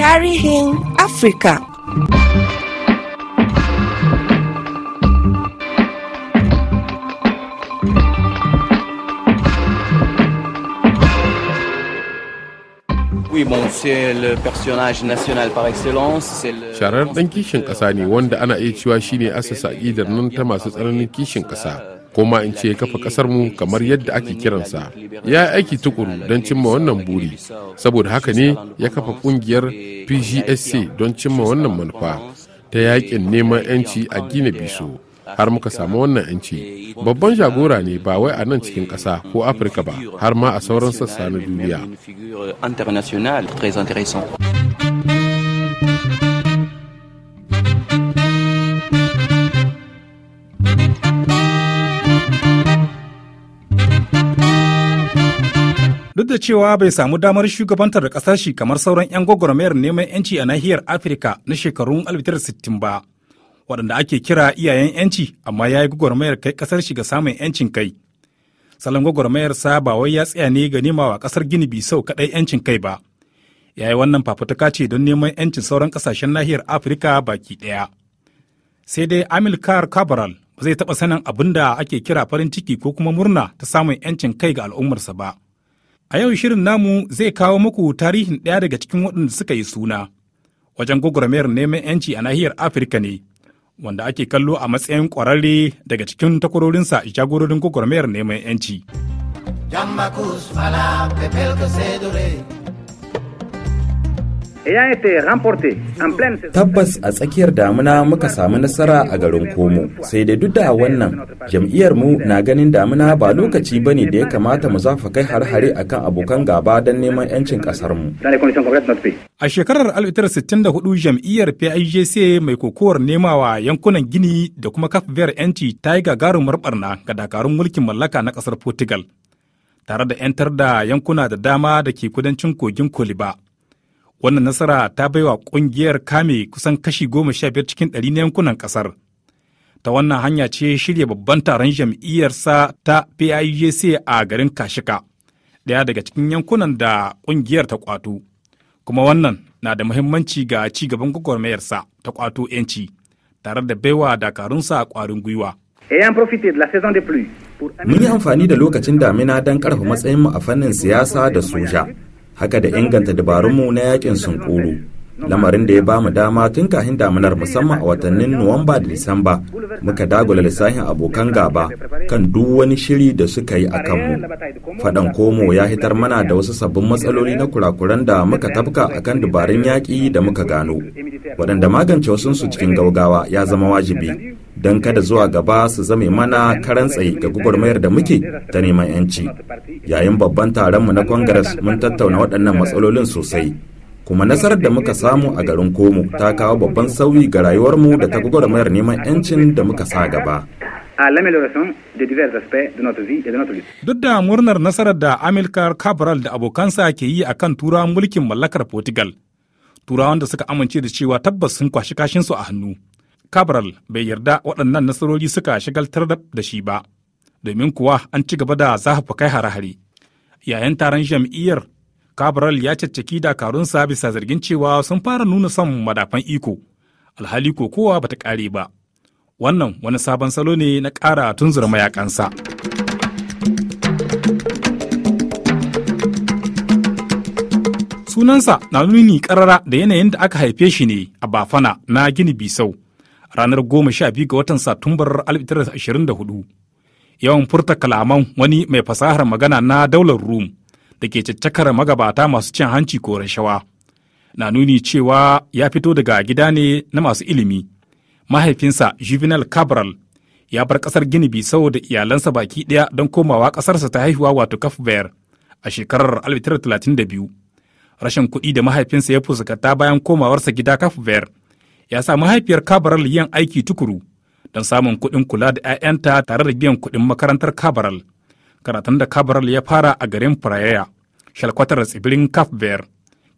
Oui, bon, c'est le personnage national par excellence, c'est le... ko ma in ce kafa kasar mu kamar yadda ake kiransa ya aiki tukuru don cimma wannan buri saboda haka ne ya kafa kungiyar pgsc don cimma wannan manufa ta yakin neman 'yanci a gina biso har muka samu wannan yanci babban jagora ne ba wai a nan cikin ƙasa ko afirka ba har ma a sauran sassa na duniya da cewa bai samu damar shugabantar da kasar shi kamar sauran 'yan gwagwarmayar neman 'yanci a nahiyar afirka na shekarun 1960 ba waɗanda ake kira iyayen 'yanci amma ya yi gwagwarmayar kai kasar shi ga samun 'yancin kai salon gwagwarmayar sa ba wai ya tsaya ne ga nemawa kasar gini bisau kaɗai 'yancin kai ba ya yi wannan fafutuka ce don neman 'yancin sauran kasashen nahiyar afirka baki ɗaya sai dai amilcar cabral ba zai taɓa sanin abin da ake kira farin ciki ko kuma murna ta samun 'yancin kai ga al'ummarsa ba A yau shirin namu zai kawo muku tarihin ɗaya daga cikin waɗanda suka yi suna wajen gwagwarmayar neman 'yanci a nahiyar Afirka ne, wanda ake kallo a matsayin ƙwararre daga cikin takwarorinsa jagororin gwagwarmayar neman 'yanci. Tabbas a tsakiyar damuna muka samu nasara a garin Komo, sai dai duk da wannan jam'iyyarmu mu na ganin damuna ba lokaci ba ne da ya kamata mu zafa kai har-hare akan abokan gaba don neman 'yancin ƙasar mu. A shekarar 1964 jam'iyyar PIJC mai kokowar nemawa yankunan Gini da kuma Cape 'yanci ta yi gagarumar barna ga dakarun mulkin mallaka na ƙasar Portugal, tare da 'yantar da yankuna da dama da ke kudancin kogin Koliba. Wannan nasara ta baiwa kungiyar kame kusan kashi goma sha biyar cikin ɗari na yankunan ƙasar. Ta wannan hanya ce shirya babban taron jam'iyyarsa ta PIUC a garin Kashika, ɗaya daga cikin yankunan da ƙungiyar ta kwato Kuma wannan na da muhimmanci ga ci gaban gwagwarmayarsa ta kwato 'yanci, tare da baiwa dakarunsa ƙwarin gwiwa. Mun yi amfani da lokacin damina don ƙarfa matsayinmu a fannin siyasa da soja. haka da inganta dabarunmu na yakin sunkuru lamarin da ya ba mu dama tun kahin damunar musamman a watannin nuwamba da disamba muka dagula lissafin abokan gaba kan duk wani shiri da suka yi a kanmu faɗan komo ya hitar mana da wasu sabbin matsaloli na kurakuran da muka tafka a kan dubarun yaƙi da muka gano waɗanda magance wasunsu cikin gaugawa ya zama wajibi don kada zuwa gaba su zame mana karan tsaye ga gwagwarmayar da muke ta neman 'yanci yayin babban taron mu na congress mun tattauna waɗannan matsalolin sosai kuma nasarar da muka samu a garin komo ta kawo babban sauyi ga rayuwarmu da ta gwagwarmayar neman 'yancin da muka sa gaba ah, Duk da murnar nasarar da Amilcar Cabral da abokansa ke yi a kan turawan mulkin mallakar Portugal, turawan da suka amince da cewa tabbas sun kwashi kashinsu a hannu. Cabral bai yarda waɗannan nasarori suka shigaltar da shi ba, domin kuwa an ci gaba da zahafa kai hare-hare. Yayin taron jam'iyyar cabral ya caccaki dakarunsa bisa zargin cewa sun fara nuna son madafan iko alhali kokowa bata kare ba wannan wani sabon salo ne na ƙara tunzura mayakansa sunansa na nuni karara da yanayin da aka haife shi ne a bafana na gini bisau ranar goma sha biyu ga watan satumbar 1924 yawan furta kalaman wani mai fasahar magana na daular rum da ke caccakar magabata masu cin hanci ko rashawa na nuni cewa ya fito daga gida ne na masu ilimi mahaifinsa juvenal cabral ya bar kasar gini bi saboda iyalansa baki ɗaya don komawa ƙasarsa ta haihuwa wato kafbayar a shekarar 1932 rashin kuɗi da mahaifinsa ya fuskanta bayan komawarsa gida kafbayar ya sa mahaifiyar cabral yin aiki tukuru don samun kuɗin kula da 'ya'yanta tare da biyan kuɗin makarantar cabral karatun da cabral ya fara a garin praia shalkwatar tsibirin cape verde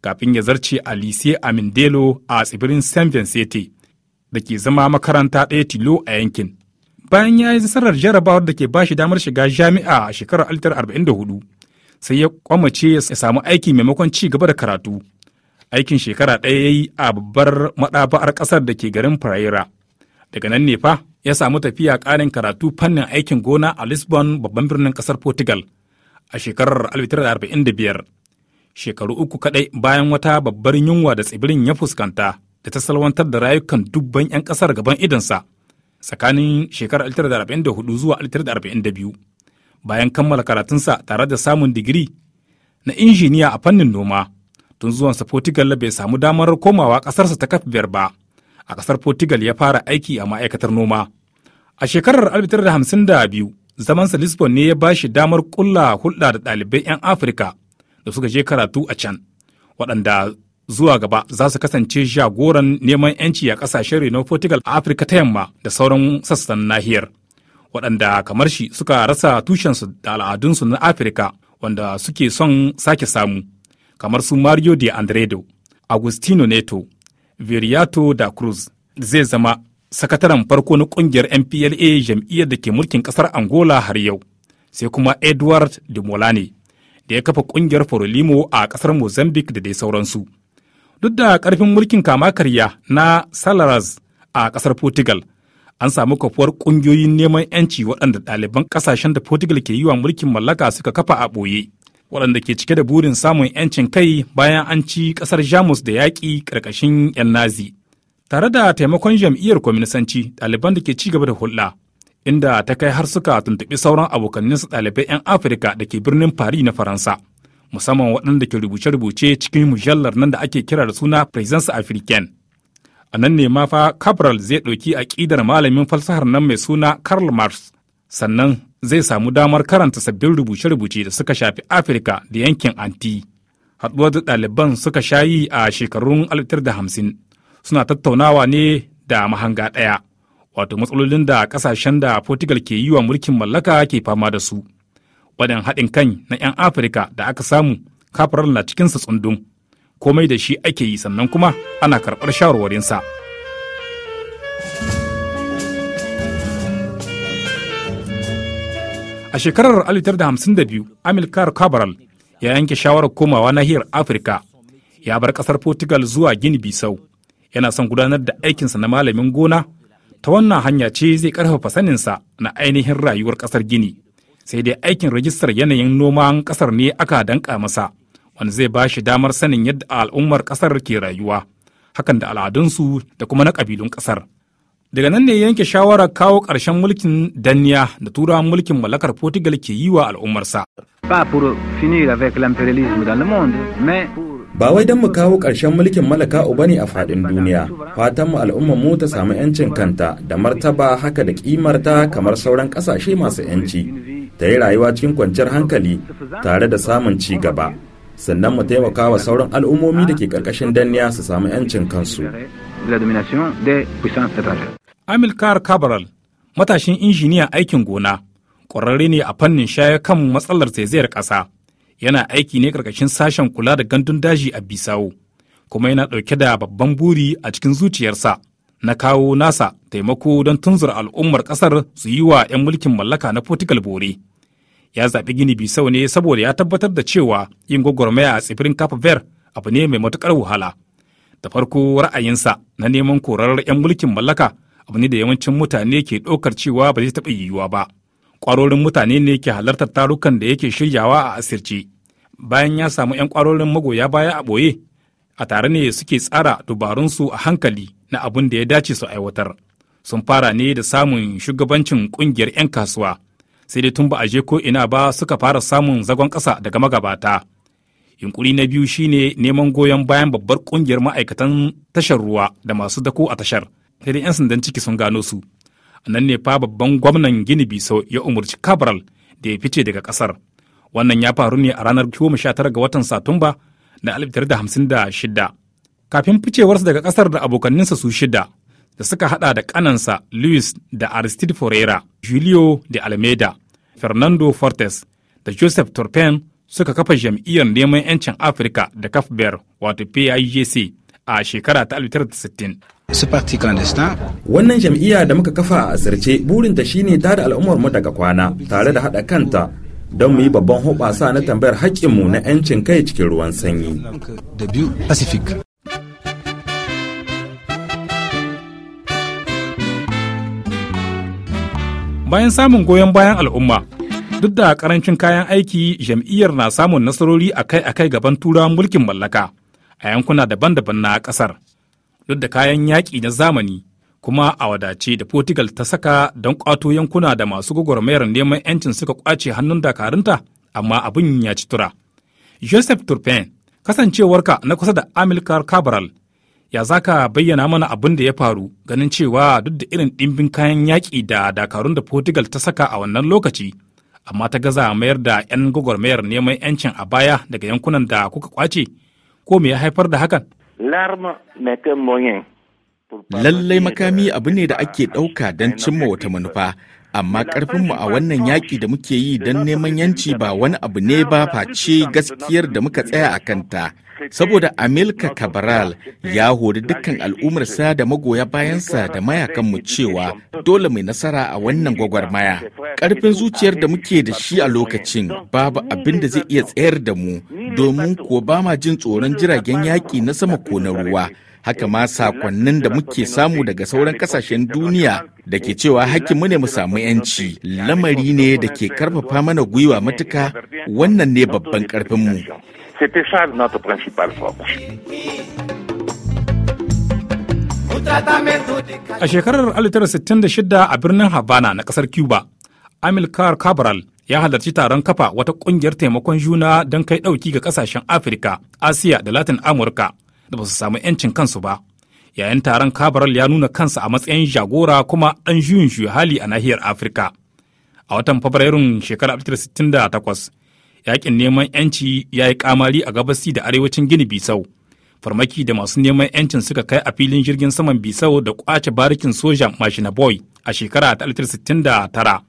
kafin ya zarce a lycée amindelo a tsibirin san vincente da ke zama makaranta ɗaya tilo a yankin bayan ya yi nasarar jarabawar da ke ba shi damar shiga jami'a a shekarar hudu sai ya kwamace ya samu aiki maimakon ci gaba da karatu aikin shekara ɗaya ya yi a babbar maɗaba'ar ƙasar da ke garin Pereira. Daga nan ne fa ya samu tafiya karin karatu fannin aikin gona a Lisbon babban birnin kasar Portugal a shekarar 1945, shekaru uku kaɗai bayan wata babbar yunwa da tsibirin ya fuskanta da ta salwantar da rayukan dubban 'yan ƙasar gaban idonsa tsakanin shekarar 1944 zuwa 1942 bayan kammala karatunsa tare da samun digiri na injiniya a fannin noma tun zuwansa Portugal bai samu damar komawa ƙasarsa ta biyar ba. a ƙasar Portugal ya fara aiki a ma'aikatar noma. A shekarar 1952, zamansa Lisbon ne ya ba shi damar ƙulla hulɗa da ɗalibai 'yan Afirka da suka je karatu a can, waɗanda zuwa gaba za su kasance jagoran neman 'yanci a ƙasashen renon Portugal a Afirka ta yamma da sauran sassan nahiyar, waɗanda kamar shi suka rasa tushensu da al'adunsu na Afirka wanda suke son sake samu, kamar su Mario de Andredo, Agustino Neto, viriato da cruz zai zama sakataren farko na kungiyar mpla jam'iyyar da ke mulkin kasar angola har yau sai kuma edward de Molani da ya kafa kungiyar forolimo a kasar mozambique da dai sauransu duk da karfin mulkin kama karya na salaras a kasar portugal an samu kafuwar kungiyoyin neman 'yanci waɗanda ɗaliban ƙasashen da portugal ke yi wa mulkin mallaka suka kafa a ɓoye waɗanda ke cike da burin samun 'yancin kai bayan an ci ƙasar jamus da yaƙi ƙarƙashin 'yan nazi tare da taimakon jam'iyyar kwaminisanci ɗaliban da ke ci gaba da hulɗa inda ta kai har suka tuntuɓi sauran abokaninsu ɗalibai 'yan afirka da ke birnin paris na faransa musamman waɗanda ke rubuce-rubuce cikin mujallar nan da ake kira da suna presence african a nan ne ma fa cabral zai ɗauki aƙidar malamin falsafar nan mai suna karl marx sannan zai samu damar karanta sabbin rubuce-rubuce da suka shafi afirka da yankin anti haɗuwar da ɗaliban suka sha yi a shekarun 1950 suna tattaunawa ne da mahanga ɗaya wato matsalolin da ƙasashen da portugal ke yi wa mulkin mallaka ke fama da su wadan haɗin kan na 'yan afirka da aka samu kafarar na cikinsa tsundum komai da shi ake yi sannan kuma ana karɓar shawarwarinsa. A shekarar 1952, Amilcar Cabral ya yanke shawarar komawa nahiyar Afirka, ya bar kasar Portugal zuwa Gini Bisau, yana son gudanar da aikinsa na malamin gona, ta wannan hanya ce zai ƙarfafa saninsa na ainihin rayuwar ƙasar Gini. Sai dai aikin rajistar yanayin noman ƙasar ne aka danƙa masa, wanda zai ba shi damar sanin yadda al'ummar ƙasar ke rayuwa, hakan da al'adunsu da kuma na ƙabilun ƙasar. daga nan ne yanke shawarar kawo ƙarshen mulkin danniya da tura mulkin mallakar portugal ke yi wa al'ummarsa ba wai don mu kawo ƙarshen mulkin malaka uba ne a faɗin duniya fatan mu al'ummar mu ta samu 'yancin kanta da martaba haka da ƙimarta kamar sauran ƙasashe masu 'yanci ta yi rayuwa cikin kwanciyar hankali tare da samun ci gaba sannan mu taimaka wa sauran al'ummomi da ke ƙarƙashin danniya su samu 'yancin kansu Amilcar Cabral, matashin injiniyan aikin gona, ƙwararre ne a fannin shaya kan matsalar zaizayar ƙasa. Yana aiki ne ƙarƙashin sashen kula da gandun daji a Bisau, kuma yana ɗauke da babban buri a cikin zuciyarsa na kawo nasa taimako don tunzura al'ummar ƙasar su yi wa 'yan mulkin mallaka na Portugal bore. Ya zaɓi Gini Bisau ne saboda ya tabbatar da cewa yin gwagwarmaya a tsibirin Cape Verde abu ne mai matuƙar wahala. Da farko ra'ayinsa na neman korar 'yan mulkin mallaka abu ne da yawancin mutane ke ɗaukar cewa ba zai taɓa yiwuwa ba ƙwarorin mutane ne ke halartar tarukan da yake shiryawa a asirce bayan ya samu 'yan ƙwarorin magoya baya a ɓoye a tare ne suke tsara dubarunsu a hankali na abin da ya dace su aiwatar sun fara ne da samun shugabancin ƙungiyar 'yan kasuwa sai dai tun ba a je ko ina ba suka fara samun zagon ƙasa daga magabata yunkuri na biyu shine neman goyon bayan babbar ƙungiyar ma'aikatan tashar ruwa da masu dako a tashar sai dai 'yan sandan ciki sun gano su a nan ne fa babban gwamnan gini bisau ya umarci cabral da ya fice daga kasar wannan ya faru ne a ranar 19 ga watan satumba na 1956 kafin ficewarsa daga kasar da abokaninsa su shida da suka hada da kanansa luis da aristide ferreira julio de almeida fernando fortes da joseph turpin suka kafa jam'iyyar neman 'yancin afirka da kafber wato pijc a shekara ta 1960 su parti clandestin wannan jam'iyya da muka kafa a asirce burinta shine tada da al'ummar mu daga kwana tare da haɗa kanta don mu yi babban hoɓasa na tambayar haƙƙinmu na 'yancin kai cikin ruwan sanyi bayan samun goyon bayan al'umma duk da karancin kayan aiki jam'iyyar na samun nasarori akai-akai gaban turawan mulkin mallaka a yankuna daban-daban na ƙasar. duk da kayan yaƙi na zamani kuma a wadace da Portugal ta saka don ƙwato yankuna da masu gwagwarmayar neman 'yancin suka kwace hannun dakarunta amma abin ya ci tura. Joseph Turpin, kasancewarka na kusa da Amilcar Cabral, ya zaka bayyana mana abin da ya faru ganin cewa duk da irin ɗimbin kayan yaƙi da dakarun da Portugal ta saka a wannan lokaci, amma ta gaza mayar da 'yan gwagwarmayar neman 'yancin a baya daga yankunan da kuka kwace ko me ya haifar da hakan? Lallai makami abu ne da ake ɗauka don cimma wata manufa, amma ƙarfinmu a wannan yaƙi da muke yi don neman yanci ba wani abu ne ba face gaskiyar da muka tsaya a kanta saboda amilka cabral ya hori dukkan al'ummarsa da magoya bayansa da mayakanmu cewa dole mai nasara a wannan gwagwarmaya ƙarfin zuciyar da muke da shi a lokacin babu abin da zai iya tsayar da mu domin ko ba ma jin tsoron jiragen yaƙi na sama ko na ruwa haka ma sakonnin da muke samu daga sauran kasashen duniya da ke cewa mu ne mu samu yanci lamari ne da ke karfafa mana gwiwa matuka wannan ne babban karfinmu. A shekarar 1966 a birnin Havana na kasar Cuba, Amilcar Cabral ya halarci taron kafa wata kungiyar taimakon juna don kai dauki ga kasashen Afirka, Asiya da Latin Amurka da ba su samu 'yancin kansu ba yayin taron kabaral ya nuna kansa a matsayin jagora kuma ɗan juyin juya hali a nahiyar afirka a watan fabrairun shekarar 1968 yakin neman 'yanci ya yi kamari a gabasi da arewacin gini bisau farmaki da masu neman 'yancin suka kai a filin jirgin saman bisau da kwace barikin soja mashina boy a shekara ta 1969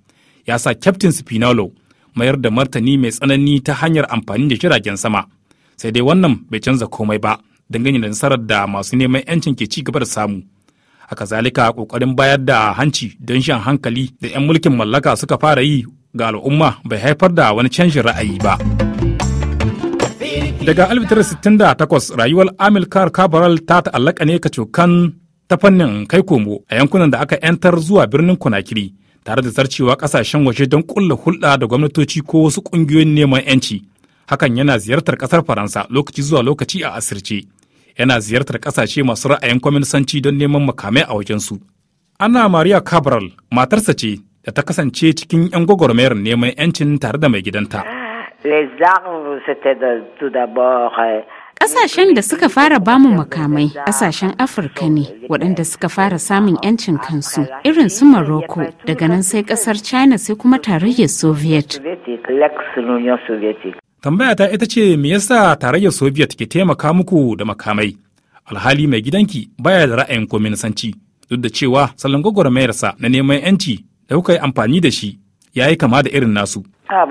ya sa kyaftin spinalo mayar da martani mai tsanani ta hanyar amfani da jiragen sama sai dai wannan bai canza komai ba dangane da nasarar da masu neman 'yancin ke ci gaba da samu a kazalika kokarin bayar da hanci don shan hankali da 'yan mulkin mallaka suka fara yi ga al'umma bai haifar da wani canjin ra'ayi ba daga 1968 rayuwar amilcar cabral ta ta'allaka ne kacokan ta fannin kai komo a yankunan da aka 'yantar zuwa birnin konakiri tare da zarcewa kasashen waje don kulla hulɗa da gwamnatoci ko wasu ƙungiyoyin neman 'yanci hakan yana ziyartar kasar faransa lokaci zuwa lokaci a asirce yana ziyartar kasashe masu ra'ayin kwaminsanci don neman makamai a wajensu ana maria cabral matarsa ce da ta kasance cikin 'yan gwagwarmayar neman 'yancin tare da mai gidanta euh, Ƙasashen da suka fara bamu makamai ƙasashen Afirka ne waɗanda suka fara samun 'yancin kansu irin su Morocco daga nan sai ƙasar China sai kuma tarayyar Soviet. Tambaya ta ita ce me yasa tarayyar Soviet ke taimaka muku da makamai? Alhali mai gidanki baya da ra'ayin kwaminisanci duk da cewa salon gwagwarmayarsa na neman 'yanci da kuka yi amfani da shi ya yi kama da irin nasu. Ah,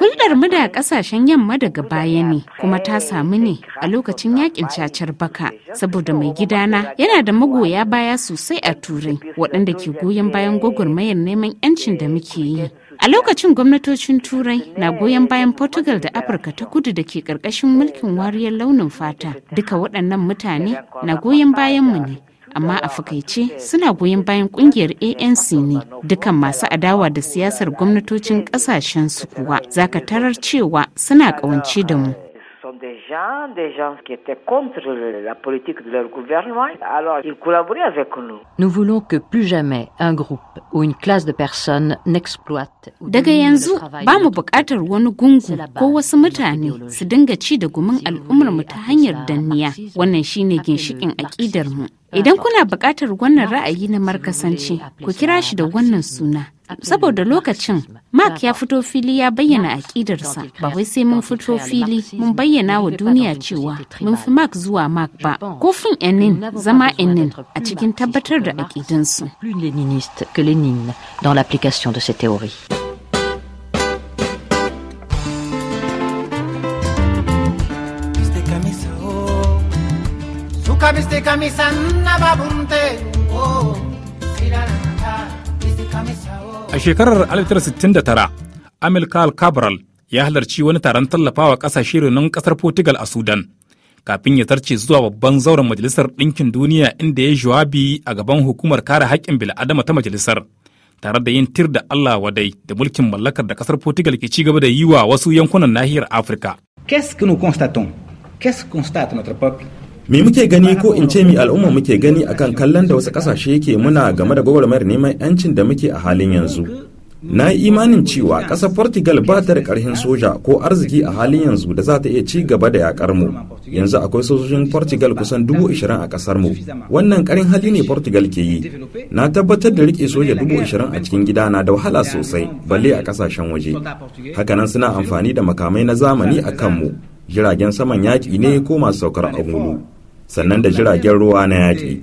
Hulɗar mu da ƙasashen yamma daga baya ne kuma ta samu ne a lokacin yakin cacar baka saboda mai gidana yana da magoya baya sosai a turai waɗanda ke goyon bayan gwagwarmayar neman 'yancin da muke yi. A lokacin gwamnatocin Turai na goyon bayan Portugal da Afirka ta kudu da ke ƙarƙashin mulkin wariyar launin fata duka waɗannan mutane na goyon bayan mu ne amma a fakaice suna goyon bayan kungiyar anc ne dukan masu adawa da siyasar gwamnatocin kasashen su kuwa zaka tarar cewa suna kawance da mu militants, hein, des gens qui étaient contre la politique de leur gouvernement. Alors, ils collaboraient avec nous. Nous voulons que plus jamais un groupe ou une classe de personnes n'exploite Daga yanzu ba mu buƙatar wani gungu ko wasu mutane su dinga ci da gumin al'ummarmu ta hanyar danniya. Wannan shine ginshiƙin aƙidarmu. Idan kuna buƙatar wannan ra'ayi na markasanci, ku kira shi da wannan suna. saboda lokacin mark ya fito fili ya bayyana aƙidarsa ba wai sai mun fito fili mun bayyana wa duniya cewa mun fi mark zuwa mark ba kofin enin zama enin a cikin tabbatar da aƙidansu Kamiste kamisan na babunte A shekarar 1969, Amilcar Cabral ya halarci wani taron tallafawa ƙasashe renon ƙasar Portugal a Sudan, kafin ya tarce zuwa babban zauren Majalisar Ɗinkin Duniya inda ya jawabi a gaban hukumar kare haƙƙin bil'adama ta majalisar, tare da yin tir da Allah wadai da mulkin mallakar da ƙasar Portugal ke ci gaba da yi wa wasu yankunan nahiyar Afirka. Qu'est-ce que nous constatons? Qu'est-ce que constate notre peuple? me muke gani ko in ce mi al'umma muke gani akan kallon da wasu kasashe yake muna game da gwagwarmayar neman 'yancin da muke a halin yanzu na yi imanin cewa ƙasar portugal ba ta da ƙarhin soja ko arziki a halin yanzu da za ta iya ci gaba da yaƙar mu yanzu akwai sojojin portugal kusan dubu ishirin a ƙasar mu wannan ƙarin hali ne portugal ke yi na tabbatar da riƙe soja dubu ishirin a cikin gida na da wahala sosai balle a ƙasashen waje hakanan suna amfani da makamai na zamani a kanmu jiragen saman yaƙi ne ko masu saukar angulu sannan da jiragen ruwa na yaƙi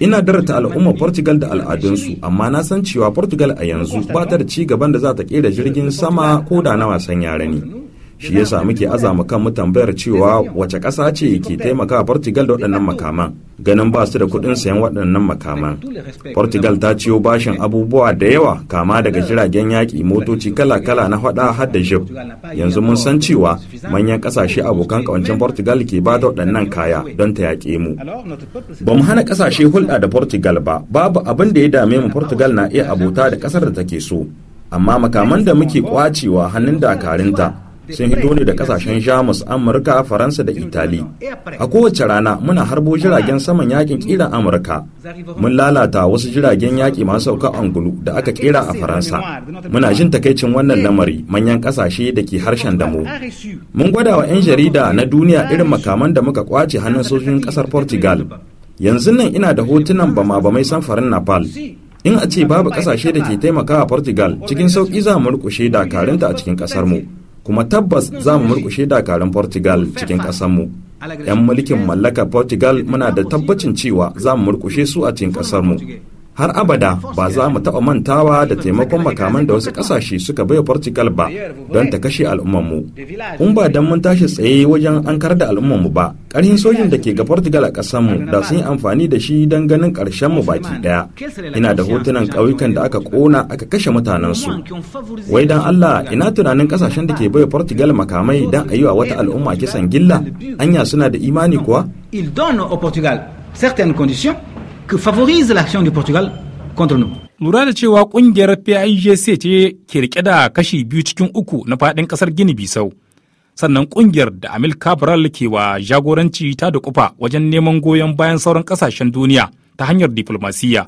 ina darata al'ummar portugal da al'adunsu amma na san cewa portugal a yanzu ba ta da ci gaban da za ta ƙera jirgin sama ko da na wasan yare ne shi yasa muke azama kan tambayar cewa wace ƙasa ce ke taimaka portugal da waɗannan makaman ganin ba su da kuɗin sayan waɗannan makaman portugal ta ciyo bashin abubuwa da yawa kama daga jiragen yaki motoci kala-kala na hada har da jib yanzu mun san cewa manyan ƙasashe abokan ƙawancen portugal ke ba da waɗannan kaya don ta yaƙe mu ba mu hana ƙasashe hulɗa da portugal ba babu abin da ya dame mu portugal na iya abota da ƙasar da take so amma makaman da muke kwacewa hannun dakarinta sun hito ne da kasashen jamus amurka faransa da itali a kowace rana muna harbo jiragen saman yakin kira amurka mun lalata wasu jiragen yaki masu sauka angulu da aka kera a faransa muna jin takaicin wannan lamari manyan kasashe da ke harshen damo mun gwada wa 'yan jarida na duniya irin makaman da muka kwace hannun sojojin kasar portugal yanzu nan ina da hotunan bama-bamai samfarin nepal in a ce babu kasashe da ke taimakawa portugal cikin sauƙi za mu rukushe dakarunta a cikin mu. kuma tabbas za mu murkushe dakarun portugal cikin ƙasarmu yan mulkin mallakar portugal muna da tabbacin cewa za mu murkushe su a cikin ƙasarmu har abada ba za mu taɓa mantawa da taimakon makaman da wasu ƙasashe suka bai Portugal ba don ta kashe al'ummarmu. In ba don mun tashi tsaye wajen an kar da al'ummarmu ba, ƙarhin sojin da ke ga Portugal a ƙasarmu da sun yi amfani da shi don ganin ƙarshenmu baki ɗaya. Ina da hotunan ƙauyukan da aka ƙona aka kashe mutanen su Wai don Allah ina tunanin ƙasashen da ke bai Portugal makamai don a yi wa wata al'umma kisan gilla, anya suna da imani kuwa? Il donne au Portugal certaines conditions favorise l'action du Portugal contre nous. Lura da cewa kungiyar PIGC ce ke rike da kashi biyu cikin uku na faɗin ƙasar Gini Bisau. Sannan kungiyar da Amil Cabral ke wa jagoranci ta da kufa wajen neman goyon bayan sauran kasashen duniya ta hanyar diplomasiya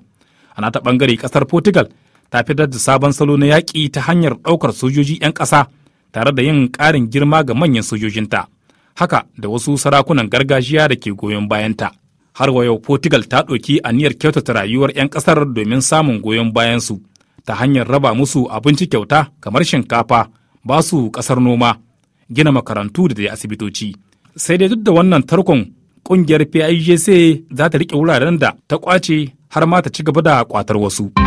Ana ta bangare kasar Portugal ta fitar da sabon salo na yaƙi ta hanyar ɗaukar sojoji 'yan ƙasa tare da yin ƙarin girma ga manyan sojojinta. Haka da wasu sarakunan gargajiya da ke goyon bayanta. har wayo portugal ta ɗauki aniyar kyautata rayuwar 'yan ƙasar domin samun goyon bayansu ta hanyar raba musu abinci kyauta kamar shinkafa ba su ƙasar noma gina makarantu da dai asibitoci sai dai duk da wannan tarkon ƙungiyar pijc za ta riƙe wuraren da ta ƙwace har ma ta ci gaba da ƙwatar wasu.